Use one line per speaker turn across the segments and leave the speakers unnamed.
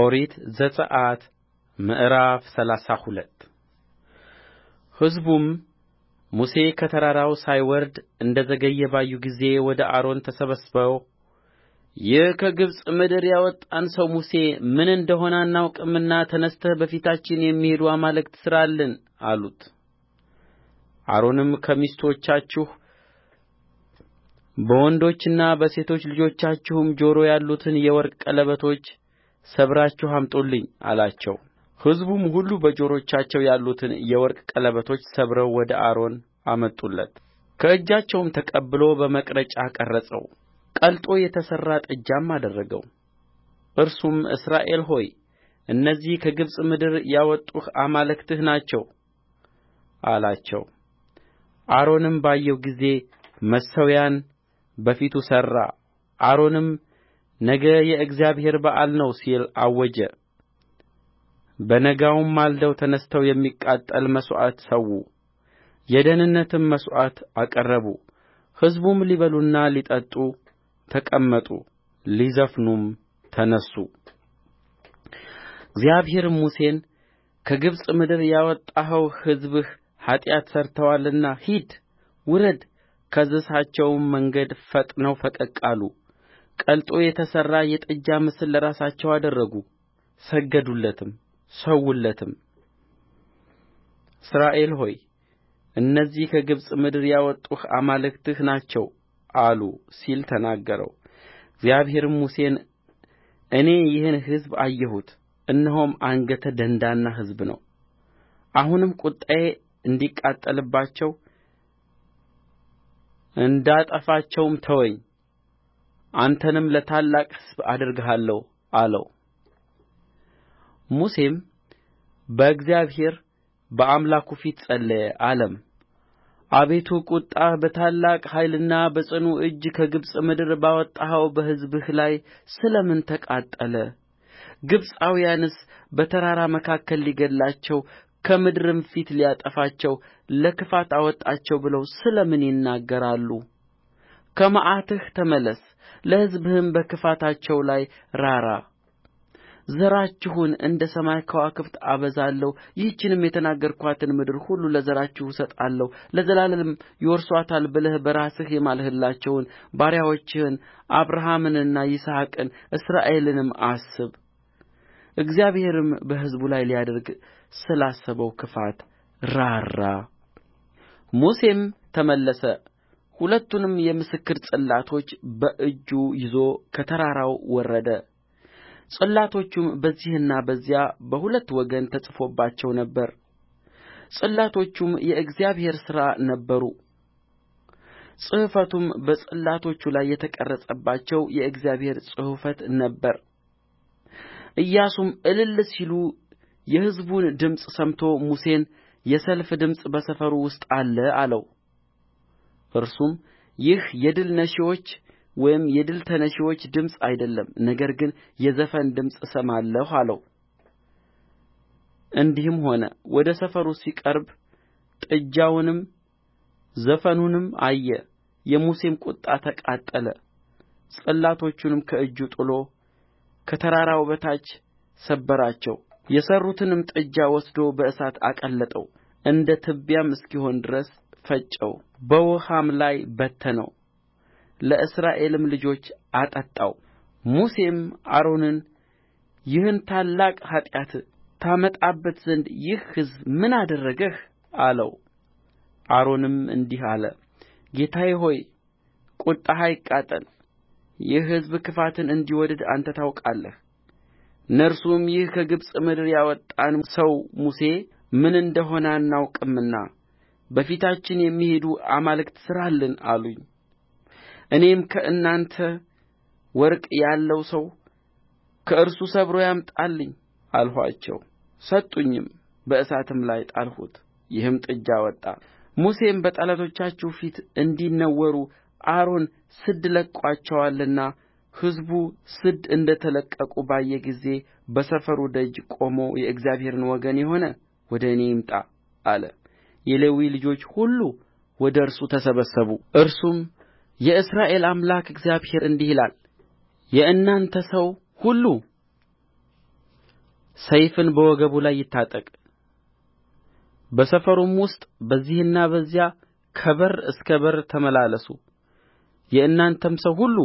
ኦሪት ዘጽአት ምዕራፍ ሰላሳ ሁለት ሕዝቡም ሙሴ ከተራራው ሳይወርድ እንደ ዘገየ ባዩ ጊዜ ወደ አሮን ተሰብስበው ይህ ከግብፅ ምድር ያወጣን ሰው ሙሴ ምን እንደሆነ አናውቅምና ተነሥተህ በፊታችን የሚሄዱ አማልክት ሥራልን አሉት። አሮንም ከሚስቶቻችሁ በወንዶችና በሴቶች ልጆቻችሁም ጆሮ ያሉትን የወርቅ ቀለበቶች ሰብራችሁ አምጡልኝ አላቸው ሕዝቡም ሁሉ በጆሮቻቸው ያሉትን የወርቅ ቀለበቶች ሰብረው ወደ አሮን አመጡለት ከእጃቸውም ተቀብሎ በመቅረጫ ቀረጸው ቀልጦ የተሠራ ጥጃም አደረገው እርሱም እስራኤል ሆይ እነዚህ ከግብፅ ምድር ያወጡህ አማልክትህ ናቸው አላቸው አሮንም ባየው ጊዜ መሠዊያን በፊቱ ሠራ አሮንም ነገ የእግዚአብሔር በዓል ነው ሲል አወጀ በነጋውም ማልደው ተነሥተው የሚቃጠል መሥዋዕት ሠዉ የደኅንነትም መሥዋዕት አቀረቡ ሕዝቡም ሊበሉና ሊጠጡ ተቀመጡ ሊዘፍኑም ተነሡ እግዚአብሔርም ሙሴን ከግብፅ ምድር ያወጣኸው ሕዝብህ ኃጢአት ሠርተዋልና ሂድ ውረድ ካዘዝኋቸውም መንገድ ፈጥነው ፈቀቅ አሉ ቀልጦ የተሠራ የጥጃ ምስል ለራሳቸው አደረጉ ሰገዱለትም ሠዉለትም እስራኤል ሆይ እነዚህ ከግብፅ ምድር ያወጡህ አማልክትህ ናቸው አሉ ሲል ተናገረው እግዚአብሔርም ሙሴን እኔ ይህን ሕዝብ አየሁት እነሆም አንገተ ደንዳና ሕዝብ ነው አሁንም ቍጣዬ እንዲቃጠልባቸው እንዳጠፋቸውም ተወኝ አንተንም ለታላቅ ሕዝብ አደርግሃለሁ አለው ሙሴም በእግዚአብሔር በአምላኩ ፊት ጸለየ አለም አቤቱ ቍጣህ በታላቅ ኃይልና በጽኑ እጅ ከግብፅ ምድር ባወጣኸው በሕዝብህ ላይ ስለ ምን ተቃጠለ ግብፃውያንስ በተራራ መካከል ሊገድላቸው ከምድርም ፊት ሊያጠፋቸው ለክፋት አወጣቸው ብለው ስለ ምን ይናገራሉ ከመዓትህ ተመለስ ለሕዝብህም በክፋታቸው ላይ ራራ ዘራችሁን እንደ ሰማይ ከዋክብት አበዛለሁ ይህችንም የተናገርኋትን ምድር ሁሉ ለዘራችሁ እሰጣለሁ ለዘላለምም ይወርሱአታል ብለህ በራስህ የማልህላቸውን ባሪያዎችህን አብርሃምንና ይስሐቅን እስራኤልንም አስብ እግዚአብሔርም በሕዝቡ ላይ ሊያደርግ ስላሰበው ክፋት ራራ ሙሴም ተመለሰ ሁለቱንም የምስክር ጽላቶች በእጁ ይዞ ከተራራው ወረደ ጽላቶቹም በዚህና በዚያ በሁለት ወገን ተጽፎባቸው ነበር ጽላቶቹም የእግዚአብሔር ሥራ ነበሩ ጽሕፈቱም በጽላቶቹ ላይ የተቀረጸባቸው የእግዚአብሔር ጽሕፈት ነበረ ኢያሱም እልል ሲሉ የሕዝቡን ድምፅ ሰምቶ ሙሴን የሰልፍ ድምፅ በሰፈሩ ውስጥ አለ አለው እርሱም ይህ የድል ነሺዎች ወይም የድል ተነሺዎች ድምፅ አይደለም ነገር ግን የዘፈን ድምፅ እሰማለሁ አለው እንዲህም ሆነ ወደ ሰፈሩ ሲቀርብ ጥጃውንም ዘፈኑንም አየ የሙሴም ቍጣ ተቃጠለ ጽላቶቹንም ከእጁ ጥሎ ከተራራው በታች ሰበራቸው የሠሩትንም ጥጃ ወስዶ በእሳት አቀለጠው እንደ ትቢያም እስኪሆን ድረስ ፈጨው በውኃም ላይ በተነው ለእስራኤልም ልጆች አጠጣው ሙሴም አሮንን ይህን ታላቅ ኃጢአት ታመጣበት ዘንድ ይህ ሕዝብ ምን አደረገህ አለው አሮንም እንዲህ አለ ጌታዬ ሆይ ቍጣህ አይቃጠል ይህ ሕዝብ ክፋትን እንዲወድድ አንተ ታውቃለህ እነርሱም ይህ ከግብፅ ምድር ያወጣን ሰው ሙሴ ምን እንደ ሆነ አናውቅምና በፊታችን የሚሄዱ አማልክት ሥራልን አሉኝ እኔም ከእናንተ ወርቅ ያለው ሰው ከእርሱ ሰብሮ ያምጣልኝ አልኋቸው ሰጡኝም በእሳትም ላይ ጣልሁት ይህም ጥጃ ወጣ ሙሴም በጠላቶቻችሁ ፊት እንዲነወሩ አሮን ስድ ለቅቋቸዋልና ሕዝቡ ስድ እንደ ተለቀቁ ባየ ጊዜ በሰፈሩ ደጅ ቆሞ የእግዚአብሔርን ወገን የሆነ ወደ እኔ ይምጣ አለ የሌዊ ልጆች ሁሉ ወደ እርሱ ተሰበሰቡ እርሱም የእስራኤል አምላክ እግዚአብሔር እንዲህ ይላል የእናንተ ሰው ሁሉ ሰይፍን በወገቡ ላይ ይታጠቅ በሰፈሩም ውስጥ በዚህና በዚያ ከበር እስከ በር ተመላለሱ የእናንተም ሰው ሁሉ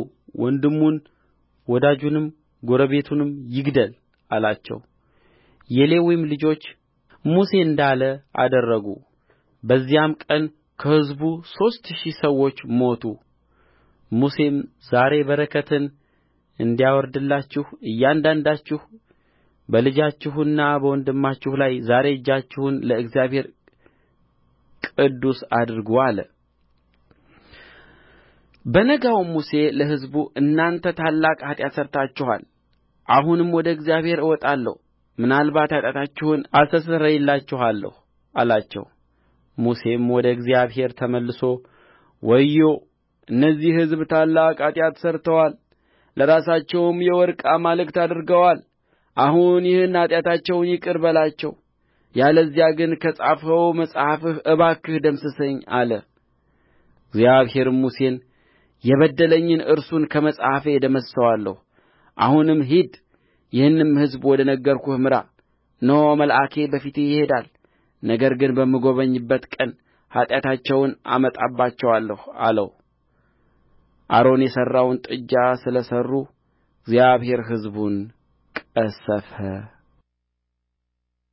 ወንድሙን ወዳጁንም ጎረቤቱንም ይግደል አላቸው የሌዊም ልጆች ሙሴ እንዳለ አደረጉ በዚያም ቀን ከሕዝቡ ሦስት ሺህ ሰዎች ሞቱ ሙሴም ዛሬ በረከትን እንዲያወርድላችሁ እያንዳንዳችሁ በልጃችሁና በወንድማችሁ ላይ ዛሬ እጃችሁን ለእግዚአብሔር ቅዱስ አድርጉ አለ በነጋውም ሙሴ ለሕዝቡ እናንተ ታላቅ ኃጢአት ሠርታችኋል አሁንም ወደ እግዚአብሔር እወጣለሁ ምናልባት ኃጢአታችሁን አስተሰርይላችኋለሁ አላቸው ሙሴም ወደ እግዚአብሔር ተመልሶ ወዮ እነዚህ ሕዝብ ታላቅ ኃጢአት ሠርተዋል ለራሳቸውም የወርቅ አማልክት አድርገዋል አሁን ይህን ኃጢአታቸውን ይቅር በላቸው ያለዚያ ግን ከጻፍኸው መጽሐፍህ እባክህ ደምስሰኝ አለ እግዚአብሔርም ሙሴን የበደለኝን እርሱን ከመጽሐፌ እደመስሰዋለሁ አሁንም ሂድ ይህንም ሕዝብ ወደ ነገርሁህ ምራ እነሆ መልአኬ በፊትህ ይሄዳል ነገር ግን በምጐበኝበት ቀን ኃጢአታቸውን አመጣባቸዋለሁ አለው አሮን የሠራውን ጥጃ ስለ ሠሩ እግዚአብሔር ሕዝቡን ቀሠፈ